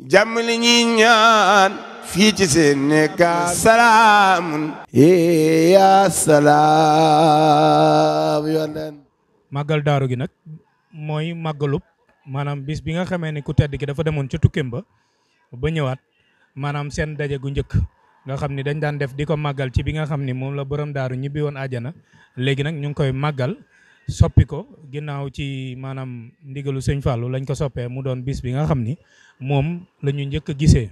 jàmm li ñaan fii ci ya salam. yonen màggal daaru gi nak moy magalup manam bis bi nga xamé ni ku tedd gi dafa demone ci tukem ba ba ñëwaat manam seen dajé gu ñëk nga xamni dañ daan def di magal magal ci bi nga xamni mom la borom daru ñibi won aljana légui nak ñu koy magal soppi ko ginnaaw ci maanaam ndigalu sëñ Fallou lañ ko soppee mu doon bis bi nga xam ni moom lañu njëkk a gisee.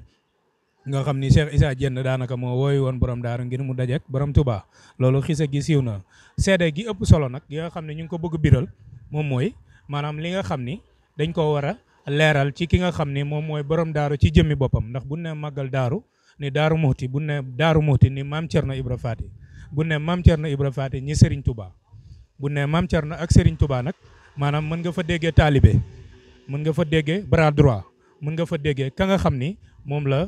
nga xam ni Cheikh Issa Dieng daanaka moo wooyu woon borom daaru ngir mu dajeek borom Touba loolu xisa gi siiw na seede gi ëpp solo nag gi nga xam ne ñu ngi ko bëgg biral moom mooy maanaam li nga xam ni dañ koo war a leeral ci ki nga xam ni moom mooy borom daaru ci jëmmi boppam ndax bu ne màggal daaru ni daaru muxti bu ne daaru muxti ni maam Thierno Ibra Faty bu ne maam Thierno Ibra Faty ñi Serigne Touba bu ne maam Thierno ak Serigne Touba nag maanaam mën nga fa déggee taalibe mën nga fa déggee bras droit mën nga fa déggee ka nga xam ni moom la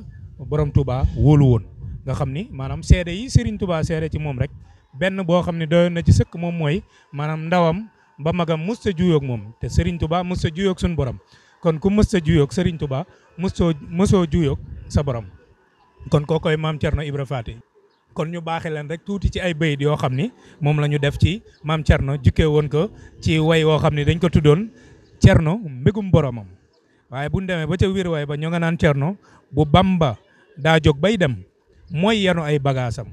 borom tubaa wóolu woon. nga xam ni maanaam seede yi Serigne tubaa seede ci moom rek benn boo xam ne doyoon na ci sëkk moom mooy maanaam ndawam ba magam mus sa juyoog moom te Serigne Touba mës sa juyoog suñu borom kon ku mës a juyoog Serigne Touba mësoo mësoo sa borom kon kookoy kon ñu baaxee leen rek tuuti ci ay bayit yoo xam ni moom la ñu def ci maam Thierno jukkee woon ko ci way woo xam ni dañ ko tuddoon Thierno mbégum boroomam waaye bu ñu demee ba ca wiir way ba ñoo nga naan Thierno bu Bamba daa jóg bay dem mooy yanu ay bagaasam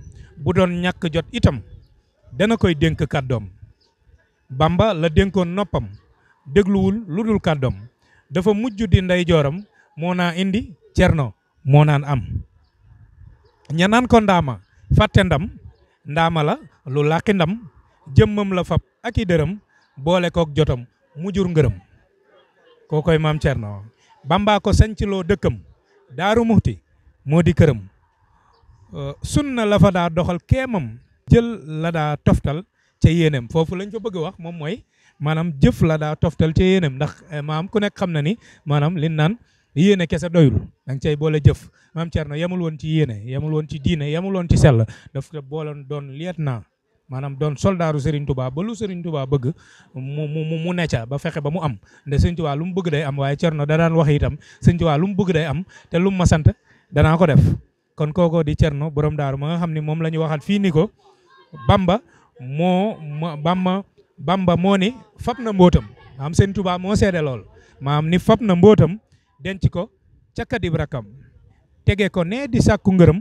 bu doon ñàkk jot itam dana koy dénk kàddoom Bamba la dénkoon noppam dégluwul lu dul kàddoom dafa mujj di ndeyjooram moo naa indi Thierno moo naan am ña ko ndaama fàtte ndam ndaama lu làqi ndam jëmmam la fab aki i dërëm boole kook jotam mu jur ngërëm koo koy maam Cerno Bamba ko sanc loo dëkkam daaru muxti moo di këram sunna la fa daa doxal keemam jël la daa toftal ce yéenam foofu lañ fa bëgg wax moom mooy maanaam jëf la daa toftal ca yéenam ndax eh, maam ku nekk xam na ni maanaam lin naan yéene kese doyul da nga cay boole jëf maam Thierno yemul woon ci yéene yemul woon ci diine yemul woon ci sell daf ko boole doon lieutenant maanaam doon soldaaru seriñ Touba ba lu Serigne Touba bëgg mu mu mu necca ba fexe ba mu am nde Serigne Touba lu mu bëgg day am waaye Thierno da daan wax itam Serigne Touba lu mu bëgg day am te lu mu ma sant danaa ko def. kon kookoo di Thierno borom daaru ma nga xam ne moom la ñu waxaat fii ni ko Bamba moo Bamba Bamba moo ni na mbootam maam Serigne Touba moo seede lool maam ni fab na mbootam denc ko ca kadib rakam tege ko nee di sàkku ngërëm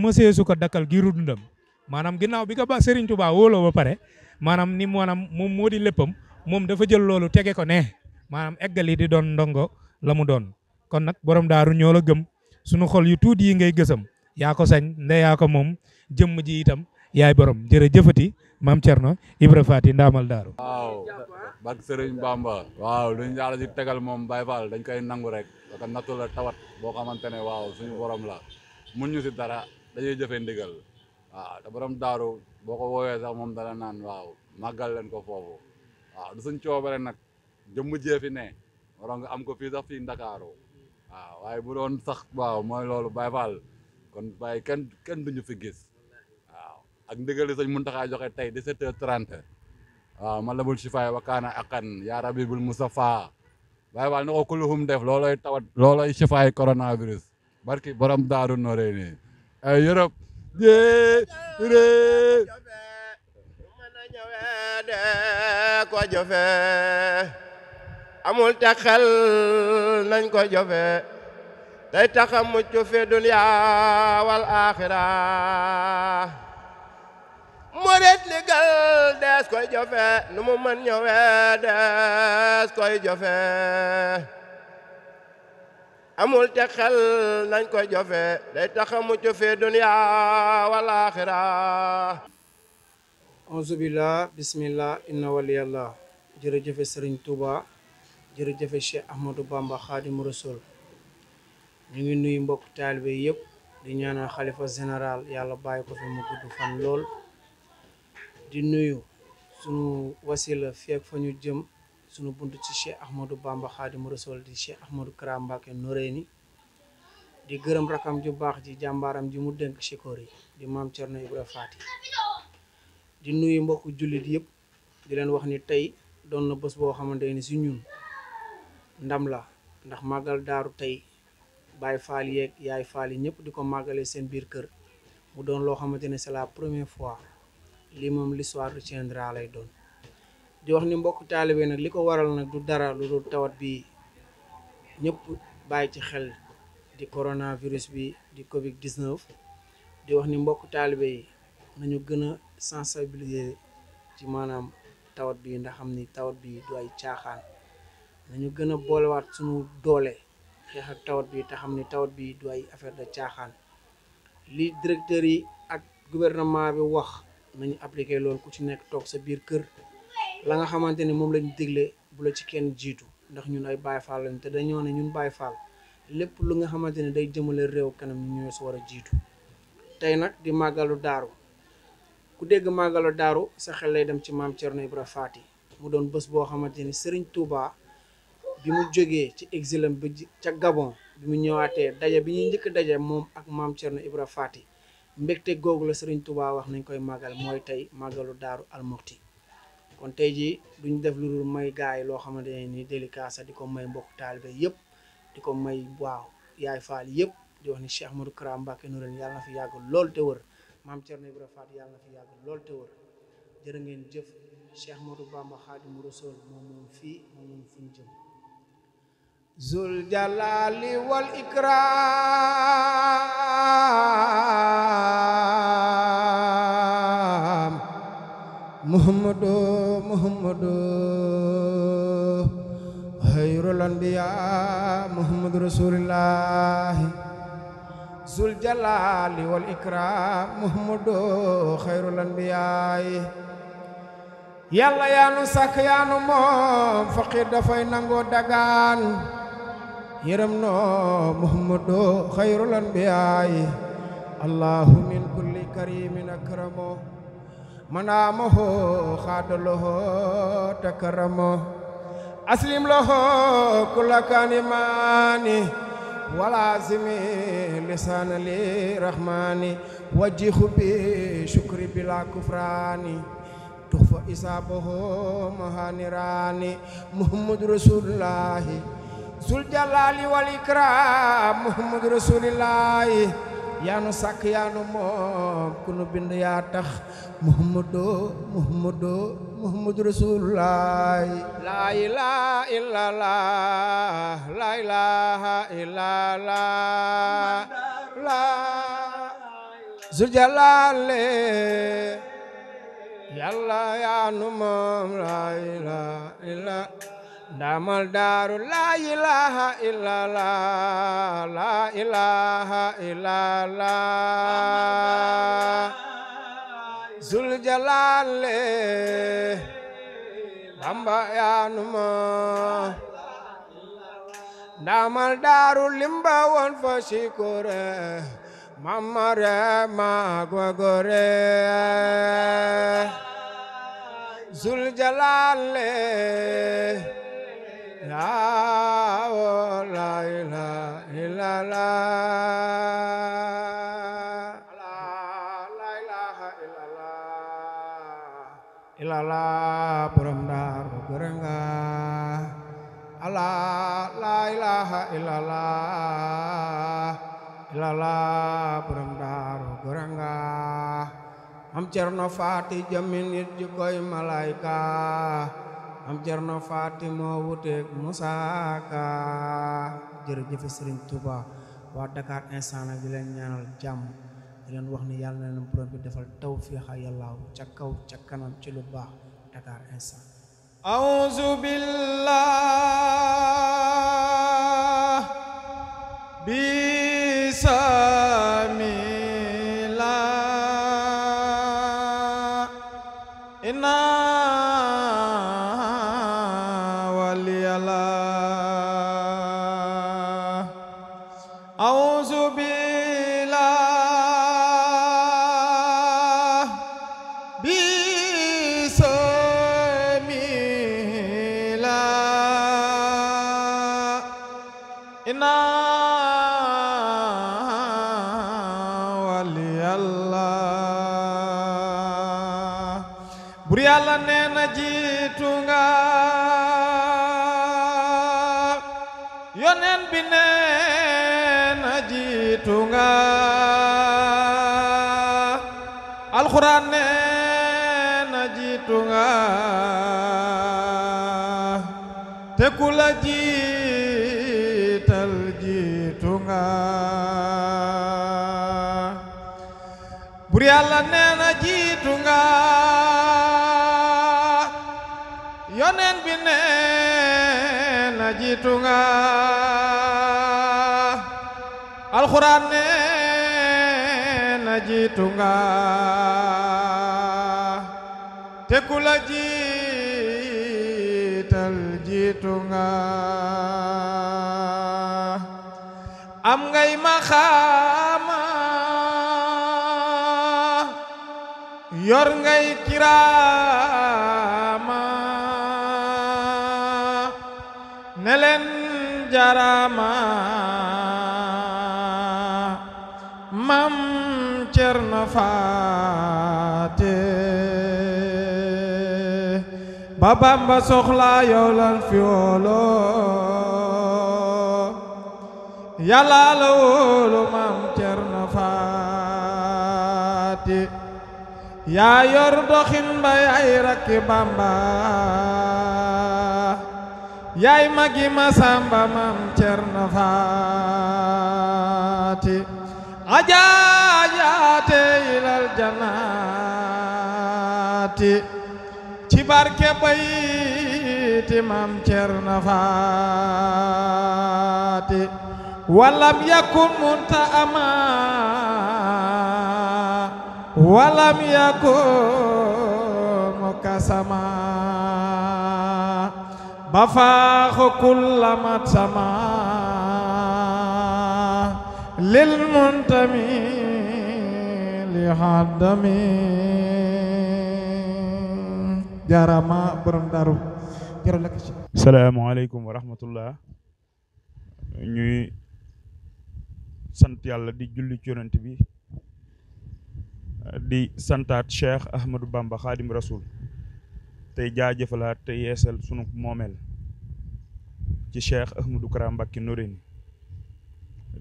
mësee su ko dakkal giiru dundam maanaam ginnaaw bi ka ba Serigne Touba wóoloo ba pare maanaam ni maanaam moom moo di léppam moom dafa jël loolu tege ko nee maanaam eggali di doon ndongo la mu doon kon nag borom daaru ñoo la gëm sunu xol yu tuuti yi ngay gësam yaa ko sañ nde yaa ko moom jëmm ji itam yaay borom jërëjëfati maam Thierno Ibra Faty ndaamal daaru barke Sëriñ Bamba waaw lu ñu yàlla di moom Baye Fall dañ koy nangu rek parce que tawat boo xamante ne waaw suñu borom la mun ñu si dara dañuy jëfee ndigal waaw te borom daaru boo ko woowee sax moom dara naan waaw màggal leen ko foofu waaw du suñ coobare nag jëmm jee fi ne waroon am ko fii sax fii Ndakaaru waaw waaye bu doon sax waaw mooy loolu Baye Fall kon bay kenn kenn duñu fi gis waaw ak ndigal li sëñ Muntaxa joxe tey 17h30 مالا بول شفاي وكان اقن يا ربي بالمصطفى باي وال نكو كلهم ديف لولاي تاوات لولاي شفاي كورونا فيروس باركي بروم دارو نوريني اي يوروب دي ري مانا نيو اد كو جوفي امول تاخال نان كو جوفي day taxam ci fi dunya wal akhirah murit ligal dees koy jofe nu mu mën ñëwe dees koy jofe amul te xel nañ koy jofe day taxa mucc fi dunya wal axira auzu billah bismillah inna waliyallah jërëjëfe sëriñ Touba jërëjëfe Cheikh Ahmadou Bamba Xaadimu Rasul ñu ngi nuyu mbokk taalibe yëpp di ñaanal xalifa général yàlla bàyyi ko fi mu gudd fan lool di nuyu sunu wasila fi ak ñu jëm sunu buntu ci cheikh ahmadou bamba khadim rasoul di cheikh ahmadou karam mbake noreni di gërëm rakam ju baax ji jambaram ji mu denk ci koori di mam cerno fati di nuyu mbokk julit yépp di len wax ni tay don na bëss bo xamanteni ci ñun ndam la ndax magal daaru tay bay faal yek yaay faal ñepp diko magalé ko biir kër mu doon lo xamanteni c'est la première fois lii moom l'histoire retiendra lay doon di wax ni mbokk taalibe nag li ko waral nag du dara lu dul tawat bi ñëpp bàyyi ci xel di coronavirus bi di covid 19 di wax ni mbokk taalibe yi nañu gën a sensibiliser ci maanaam tawat bii ndax xam ni tawat bi du ay caaxaan nañu gën a boolewaat suñu doole xeex ak tawat bi te xam ni tawat bi du ay affaire de caaxaan li directeur yi ak gouvernement bi wax nañu appliqué loolu ku ci nekk toog sa biir kër la nga xamante ne moom lañu dégle bu la ci kenn jiitu ndax ñun ay Baay Faal lañ te dañoo ne ñun Baay Faal lépp lu nga xamante ne day jëmale réew kanam ñu ñoo si war a jiitu tey nag di màggalu daaru ku dégg màggalu daaru sa xel lay dem ci maam Thierno Ibra Faati mu doon bës boo xamante ni Serigne Touba bi mu jógee ci exilam bi ca Gabon bi mu ñëwaatee daje bi ñuy njëkk daje moom ak maam Thierno Ibra Faati mbégte googu la Serigne Touba wax nañ koy màggal mooy tey màggalu daaru almuxti kon tey ji duñ def lu dul may gaay yi loo xamante ne ni délicace di ko may mbokk taalibe yëpp di ko may waaw yaay faal yëpp di wax ni Cheikh Modou Kara Mbacké Noreyni yàlla na fi yàgg lool te wër maam Thierno Ibra Faat yàlla na fi yàgg lool te wër jërë ngeen jëf Cheikh Modou Bamba Xaadimu Rasuul moom moom fii moom moom fu zul jalali wal ikram محمد محمد خير الأنبياء محمد رسول الله ذو الجلال والإكرام محمد خير الأنبياء yàlla yaa nu sàkk yaa moom faqir dafay nangoo dagaan yërëm noo muhammadoo xayrul anbiyaay allahu min kulli karimin akramo منامه خادله تكرمه أسلم له كل كلماني ولازم لسان لرحماني وجه بشكر بلا كفراني تخفى إصابه مهانراني محمد رسول الله ذو الجلال والإكرام محمد رسول الله yaanu sàkk yaanu moom ku nu bind yaa tax muhammadu muhammadu muhammadu rasulullah la ilaha illallah la ilaha illallah la zul jalale yàlla moom la ilaha illallah ndamal daaru laa ilaaha illallah laa ilaaha illallah zul jalaale bamba daaru limba won fa sikore mamare magwagore zul jalaale illallah borom daaru gërëm nga Allah la ilaha illallah illallah borom daaru gërëm faati jamin it ji koy Am jarno fatima wute wuteeg Musaa Ka jërëjëf Touba wa Dakar instant bi len ñaanal jam di len wax ni yalla na leen borom bi defal tawfiixa yàllaaw ci kaw ci kanam ci lu baax Dakar instant auzu billah bisa jiital jiitu nga bur yàlla nee na jiitu nga yoneen bi alxuraan nee na jiitu am ngay maxaama yor ngay kiraama ne leen jaraama maam Cerno Faat ba Bamba soxla yow lan fi wooloo yàlla la woolu maam Cerno Faati yaa yor doxin ba yaay rakki Bamba yaay magi Masamba maam Cerno Faati ajaajaate ilal janaati barke bayti maam Cerno Faati munta ama walam yakun mukasama bafaaxu kullamat sama lil muntami li jarama borom daru jaral ak ci alaykum wa rahmatullah ñuy sant yalla di julli ci yonent bi di santat cheikh ahmadou bamba khadim rasoul tay jaajeufalat tay yeesal sunu momel ci cheikh ahmadou karam bakki nourine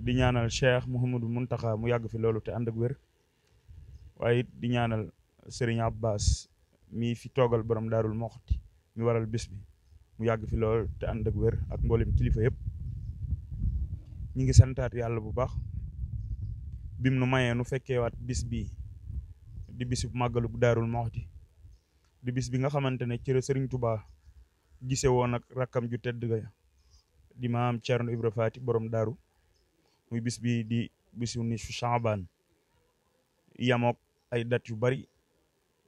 di ñaanal cheikh mohamed muntaxa mu yag fi lolu te and ak wër waye di ñaanal serigne abbas mi fi togal borom darul moxti mi waral bis bi mu yag fi lol te and ak wer ak mbolim kilifa yeb ñi ngi yalla bu baax bim nu maye nu wat bis bi di bis bu magalu darul daarul moxti di bis bi nga xamantene ci re serigne touba gise won ak rakam ju tedd ga ya, di maam charon Ibra Faati borom daru muy bis bi di bisu ni shaban. yamok ay dat yu bari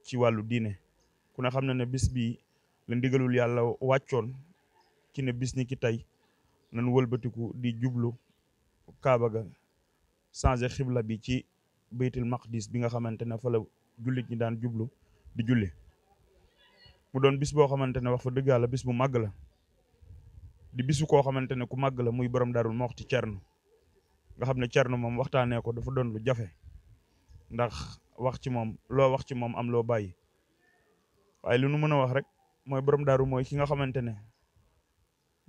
ci walu diine ku ne xam na ne bis bi la ndigalul yàlla wàccoon ci ne bis ni ki tey nan wëlbatiku di jublu kaaba ga changé xibla bi ci baytul maqdis bi nga xamante ne fa la jullit ñi daan jublu di julli mu doon bis boo xamante ne wax fa dëgg yàlla bis bu màgg la di bisu koo xamante ne ku màgg la muy borom darul moxti cernu nga xam ne cernu moom waxtaanee ko dafa doon lu jafe ndax wax ci moom loo wax ci moom am loo bàyyi waaye li nu mën a wax rek mooy borom daaru mooy ki nga xamante ne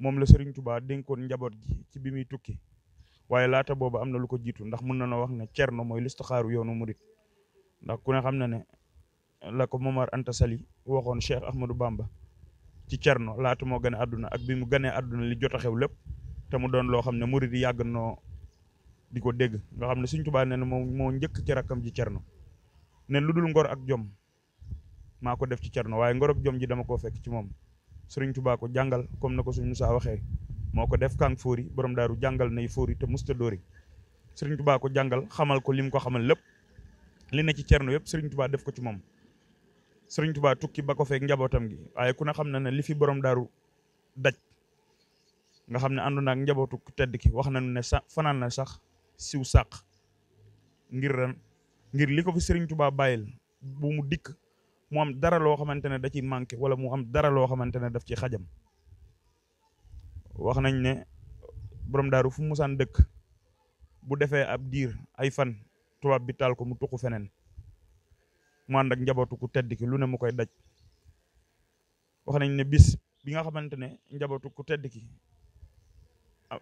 moom la Serigne Touba dénkoon njaboot gi ci bi muy tukki waaye laata boobu am lu ko jiitu ndax mën na wax ne cerno mooy listaxaaru yoonu murit ndax ku ne xam ne la ko Momar Anta Sali Cheikh Ahmadou Bamba ci cerno laata moo gën a ak bi mu gënee àdduna li jot xew lépp te mu doon loo xam ne murit yi yàgg noo di nga xam Serigne Touba nee na moo ci ji ne ngor ak jom maa ko def ci Cerno waaye ngor ak jom dama koo fekk ci moom Sëriñ Tuubaa ko jàngal comme na ko suñ Musaa waxee moo ko def kàng fóori borom daaru jàngal nay fóori te musta doori Sëriñ Tuubaa ko jàngal xamal ko lim ko xamal lépp li ne ci Cerno yëpp Sëriñ Tuubaa def ko ci moom Sëriñ Tuubaa tukki ba ko fekk njabootam gi waaye ku ne xam na ne li fi borom daaru daj nga xam ne àndoon ak njabootu tedd ki wax nañu ne sax fanaan na sax siw sàq ngir ren ngir li fi Sëriñ Tuubaa bàyyil bu mu dikk mu am dara loo xamantene da ci manqué wala mu am dara loo xamantene daf ci xajam wax nañ ne borom daaru fu musan dekk bu defé ab dir ay fan tubaab bi tal ko mu tuqu fenen mu and ak ku tedd ki lu ne mu koy daj wax nañ ne bis bi nga xamantene ne ku tedd ki ah,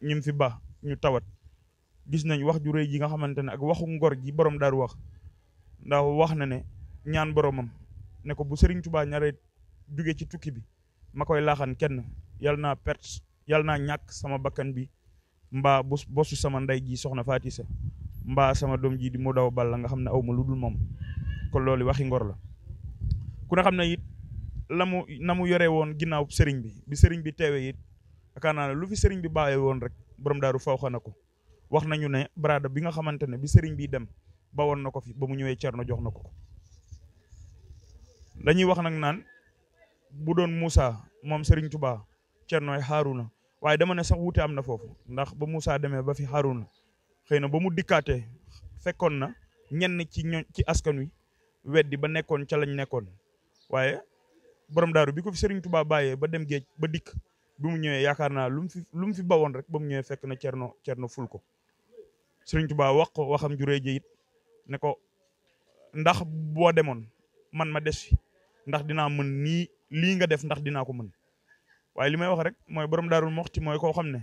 ñim fi ba ñu tawat gis nañ wax ju reey gi nga xamantene ak waxu ngor gi borom daaru wax ndax wax na ne ñaan boromam ne ko bu Serigne Touba ñare jóge ci tukki bi ma koy kenn yal naa perte yal sama bakkan bi mba bu bosu sama ndey ji soxna Faati sama doom ji di mu daw bal la nga xam ne aw ma lu dul waxi ngor la ku ne na mu yore won ginnaaw sëriñ bi bi bi teewee it lu fi bi bàyyee woon rek borom daru fawxa na ko wax nañu ne barada bi nga xamante bi sëriñ bi dem ba woon na fi ba mu cerno jox ko dañuy wax nak nan bu doon Moussa mom Serigne Touba Haruna waye dama ne sax wuute amna na ndax ba Moussa demee ba fi Haruna xeyna ba mu dikaté fekkon na ñen ci ci askan wi wéddi ba nekkon ci lañ nekkon waye borom daaru bi ko fi Serigne Touba bàyyee ba dem geej ba dik bi mu ñëwé yakarna lu mu fi lu fi bawon rek ba mu ñëwé fekk na Cerno Cerno ful ko Serigne Touba wax ko waxam juree ji it ne ko ndax bo man ma dess ndax dinaa mën nii lii nga def ndax dinaa ko mën waaye li may wax rek mooy borom daarul moxti mooy koo xam ne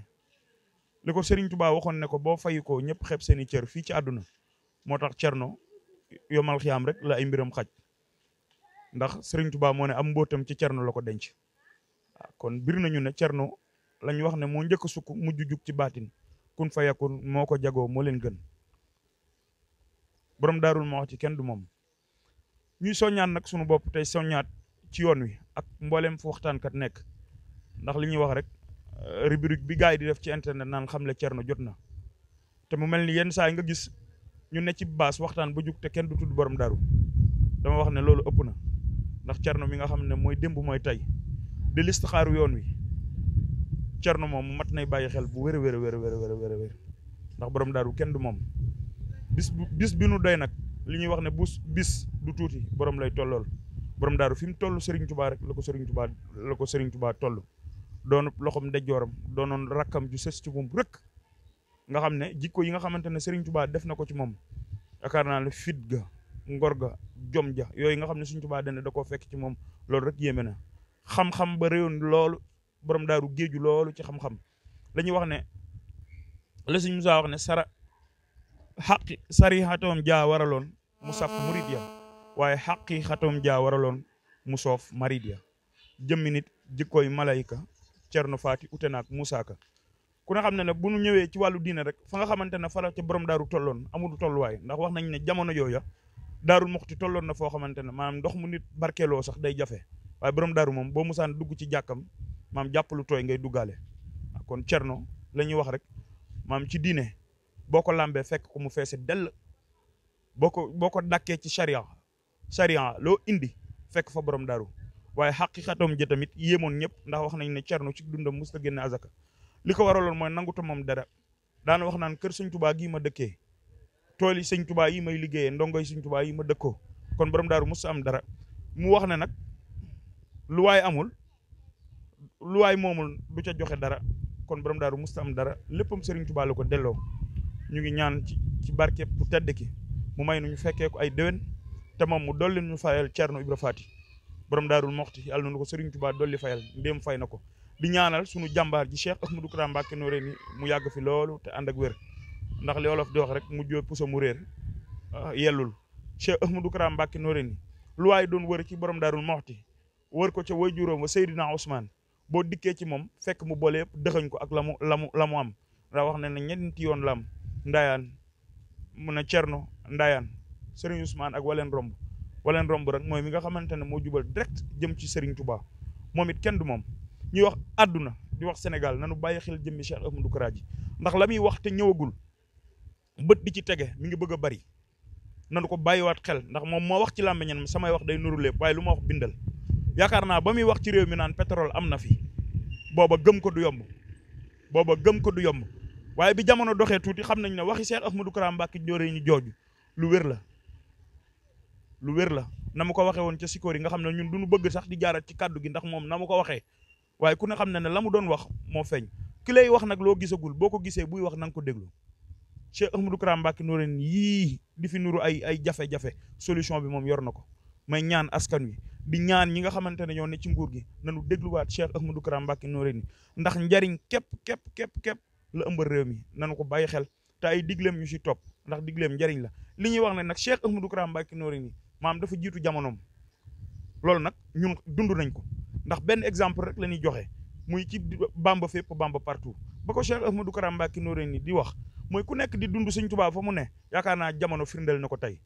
li ko Serigne Touba waxoon ne ko boo fay ko ñëpp xep seen i cër fii ci àdduna moo tax cerno yomal xiyaam rek la ay mbiram xaj ndax Serigne Touba moo ne am mbootam ci cerno la ko denc ah, kon bir nañu ne cerno lañ wax ne moo njëkk a sukk mujj jug ci baatin kun fa yakun moo ko jagoo moo leen gën borom daarul moxti kenn du moom ñuy soñaan nak suñu bop tay soñaat ci yoon wi ak mbollem fu kat nek ndax li ñuy wax rek euh, rubrique bi gaay di def ci internet naan xamle le jotna te mu melni yeen saay nga gis ñu ne ci bass waxtaan bu juk te kenn du tuddu borom daru dama wax ne lolu ëpp na ndax cerno mi nga xamne ne dembu moy tay tey di listixaaru yoon wi cerno mom mat nay baye xel bu wër wër wër wër wër wër wër ndax borom daru kenn du mom. bis bis bi nu doy nak li ñuy wax ne bus bis du tuuti borom lay tollol borom daaru fim tollu Serigne Touba rek lako Serigne Touba lako Serigne Touba tollu doon loxom joram doonoon rakam ju ses ci moom rek nga xamne ne jikko yi nga xamantene Serigne Touba def nako ci mom yaakaar le ne ngorga ga yoy ga nga xamne ne Touba dana da koo fekk ci mom lool rek yéeme na xam-xam ba rewon lool borom daaru geejju lool ci xam-xam la wax ne le serigne musa wax ne sara haqi sari hatom ja waralon musaf murid ya waaye xaqi xatoom jaa waraloon mu marid ya jëmmi nit jikkoy malaika cerno fati Ka ku na xamne na ne bu ñu ñëwee ci walu diine rek fa nga xamantene fa la ci borom amul way ndax wax nañ ne jamono yooya daarul muxti tollon na fo xamantene manam ndox mu nit barkelo sax day jafe waye borom daru mom bo musaan dugg ci Mam maam jàpp lu tooy ngay dugalé kon cerno la wax rek Mam ci diiné boo ko lambee fekk ko mu feese dell boo ko boo ko dàkkee ci charia charia loo indi fekk fa borom daru waaye xaqiqatam ji tamit yéemoon ñëpp ndax wax nañ ne cerno ci dundam musta génne azaka li ko waraloon mooy nanguta moom dara daana wax naan kër sëñ tubaa gii ma dëkkee tool yi sëñ tubaa yi may liggéeyee ndongoy sëñ tubaa yi ma dëkkoo kon borom daaru musta am dara mu wax ne nag lu amul lu moomul du ca joxe dara kon borom daaru musta am dara léppam sëriñ tubaa la ko delloo ñu ngi ñaan ci ci barke bu tedd ki mu may nu ñu fekkee ko ay déwén te moom mu dolli ñu fayal Thierno Ibra Fati borom daarul moxti yàlla nu ko Serigne Touba dolli fayal ndéem fay na ko di ñaanal sunu jàmbaar ji Cheikh Ahmadou Kara Mbacké Noreyni mu yàgg fi loolu te ànd ak wér ndax li olof di wax rek mu jóo puso mu réer ah, yellul Cheikh Ahmadou Kara Mbacké Noreyni lu waaye doon wër ci borom daarul moxti wër ko ca way juróom wa Seydina Ousmane boo dikkee ci moom fekk mu boole yëpp dëxañ ko ak la mu la mu la mu am ndax wax ne na ñeenti yoon la ndayan mun a Cerno Ndayaan Serigne Ousmane ak walen romb walen romb rek moy mi nga xamantene mo jubal direct jëm ci Serigne Touba momit kenn du mom ñuy wax aduna di wax senegal nanu baye xel ci Cheikh Ahmadou Kara ndax la wax te ñewagul di ci tege mi ngi bëgg bari nanu ko wat xel ndax mom mo wax ci làmmiñam samay wax day nuru lepp waaye luma wax bindal yakarna ba mi wax ci rew mi nan pétrole amna fi boba gëm ko du yomb boba gëm ko du yomb waaye bi jamono doxee tuuti xam nañ ne waxi Cheikh Ahmadou Kara Mbacké Ndioré ñu jooju lu wér la lu wér la na mu ko waxee woon ca sikoor yi nga xam ne ñun duñu bëgg sax di jaarat ci kàddu gi ndax moom na mu ko waxee waaye ku ne xam na ne la doon wax moo feeñ ki lay wax nag loo gisagul boo ko gisee buy wax na ko déglu Cheikh Ahmadou Kara Mbacké Ndioré yii di fi nuru ay ay jafe solution bi moom yor na ko may ñaan askan wi di ñaan ñi nga xamante ne ñoo ne ci nguur gi nanu dégluwaat Cheikh Ahmadou Kara Mbacké Ndioré ndax njariñ képp képp képp képp la ëmbal réew mi nanu ko bàyyi xel te ay digleem ñu si topp ndax digleem njariñ la li ñuy wax ne nag Cheikh Ahmadou Kara Mbacké Noreyni maam dafa jiitu jamonoom loolu nag ñun dund nañ ko ndax benn exemple rek la ñuy joxe muy ci Bamba fépp Bamba partout ba ko Cheikh Ahmadou Kara Mbacké Noreyni di wax mooy ku nekk di dund Sëñ Tuubaa fa mu ne yaakaar naa jamono firndeel na ko tey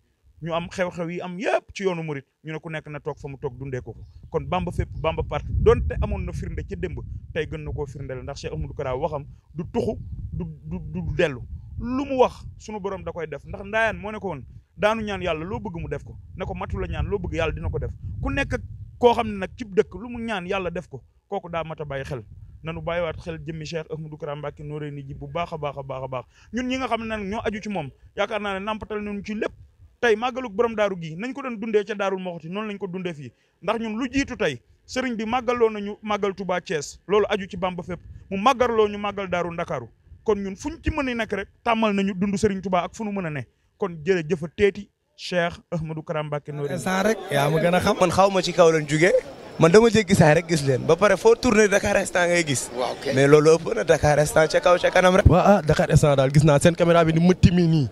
ñu am xew-xew yi am yëpp ci yoonu murit ñu ne ku nekk na toog fa mu toog dundee ko kon bamba fépp bamba parti donte amoon na firnde ci démb tey gën na koo firndeel ndax Cheikh Ahmadou Kara waxam du tuxu du du du dellu lu mu wax sunu borom da koy def ndax ndaayaan moo ne ko daanu ñaan yàlla loo bëgg mu def ko ne ko matu la ñaan loo yàlla dina ko def ku nekk koo xam ne nag cib dëkk lu mu ñaan yàlla def ko kooku daa mat a bàyyi xel nanu bàyyiwaat xel jëmmi Cheikh Ahmadou Kara Mbacké nooree ni ji bu baax a a baax a baax ñun ñi nga xam ne ñoo aju ci moom yaakaar naa ne nampatal nañu ci lépp tey màggalug borom daaru gii nañ ko doon dundee ca daarul moxoti noonu lañ ko dundee fii ndax ñun lu jiitu tey sëriñ bi màggaloo nañu màggal Touba Thiès loolu aju ci Bamba fépp mu màggarloo ñu màggal daaru ndakaaru kon ñun fu ñu ci mën a rek tàmmal nañu dundu sëriñ Touba ak fu nu mën a ne kon jërëjëf a teeti Cheikh Ahmadou Karam Mbacké Noreyni. instant rek yaa ma xam. man xaw ma ci kaw lañ jugee man dama jéggi gisa rek gis leen ba pare foo tourné Dakar instant ngay gis. mais loolu ëpp na Dakar instant ca kaw ca kanam rek. Ah, gis naa seen caméra bi ni mu timmee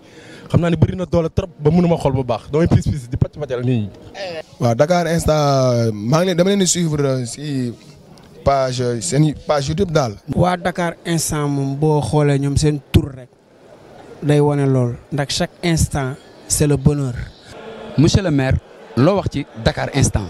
xam naa ne bëri na doole trop ba mënuma xool bu baax damay pis pis di pàcc pàccal nii. dama leen di suivre si page seen page YouTube daal. waa Dakar instant moom boo xoolee ñoom seen tour rek wane lool ndax chaque instant c'est le bonheur. monsieur le maire loo wax ci Dakar instant.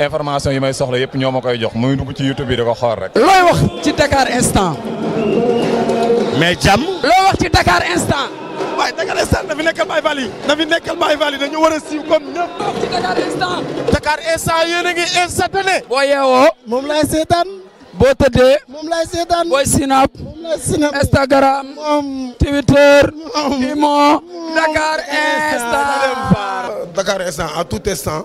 information yi may soxla yëpp ñoo ma koy jox muy dugg ci YouTube bi da ko xool rek. looy wax ci Dakar instant. mais jàmm. looy wax ci Dakar instant. Dakar instant na fi instant. Dakar boo yeewoo. moom laay seetaan. boo tëddee. moom laay seetaan. booy sinap. moom laay sinap Twitter. Dakar instant. Dakar instant à tout instant.